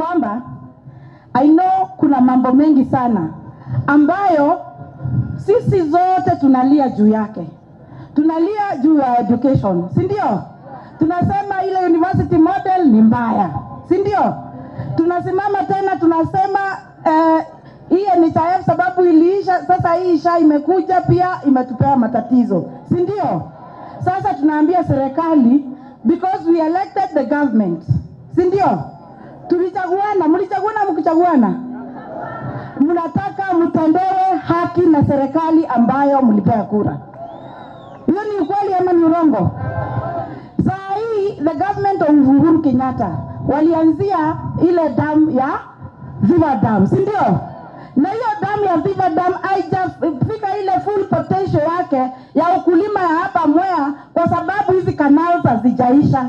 kwamba I know kuna mambo mengi sana ambayo sisi zote tunalia juu yake. Tunalia juu ya education, si ndio? Tunasema ile university model ni mbaya, si ndio? Tunasimama tena tunasema eh, hii NHIF sababu iliisha, sasa hii isha imekuja pia imetupea matatizo, si ndio? Sasa tunaambia serikali because we elected the government, si ndio? Tulichaguana, mlichaguana, mkichaguana, mnataka mtendewe haki na serikali ambayo mlipea kura. Hiyo ni ukweli ama ni urongo? Saa hii the government of Uhuru Kenyatta walianzia ile damu ya Ziwa Dam, si ndio? Na hiyo damu ya Ziwa Dam haijafika ile full potential yake ya ukulima ya hapa Mwea kwa sababu hizi kanali hazijaisha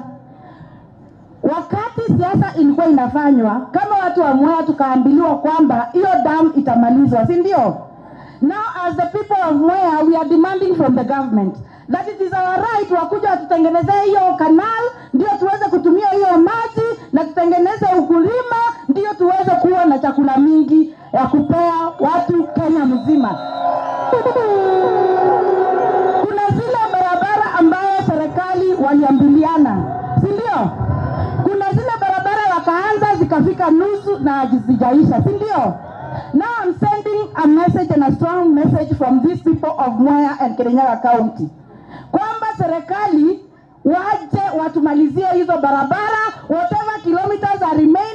wakati siasa ilikuwa inafanywa kama watu wa Mwea, tukaambiliwa kwamba hiyo damu itamalizwa, si ndio? Now as the people of Mwea we are demanding from the government that it is our right, wakuja watutengenezee hiyo kanal, ndio tuweze kutumia hiyo maji na tutengeneze ukulima, ndio tuweze kuwa na chakula mingi ya kupea watu Kenya mzima. Kuna zile barabara ambayo serikali waliambiliana, si ndio? zikafika nusu na hazijaisha, si ndio? Now I'm sending a message and a strong message from these people of Mwea and Kirinyaga County kwamba serikali waje watumalizie hizo barabara whatever kilometers are remaining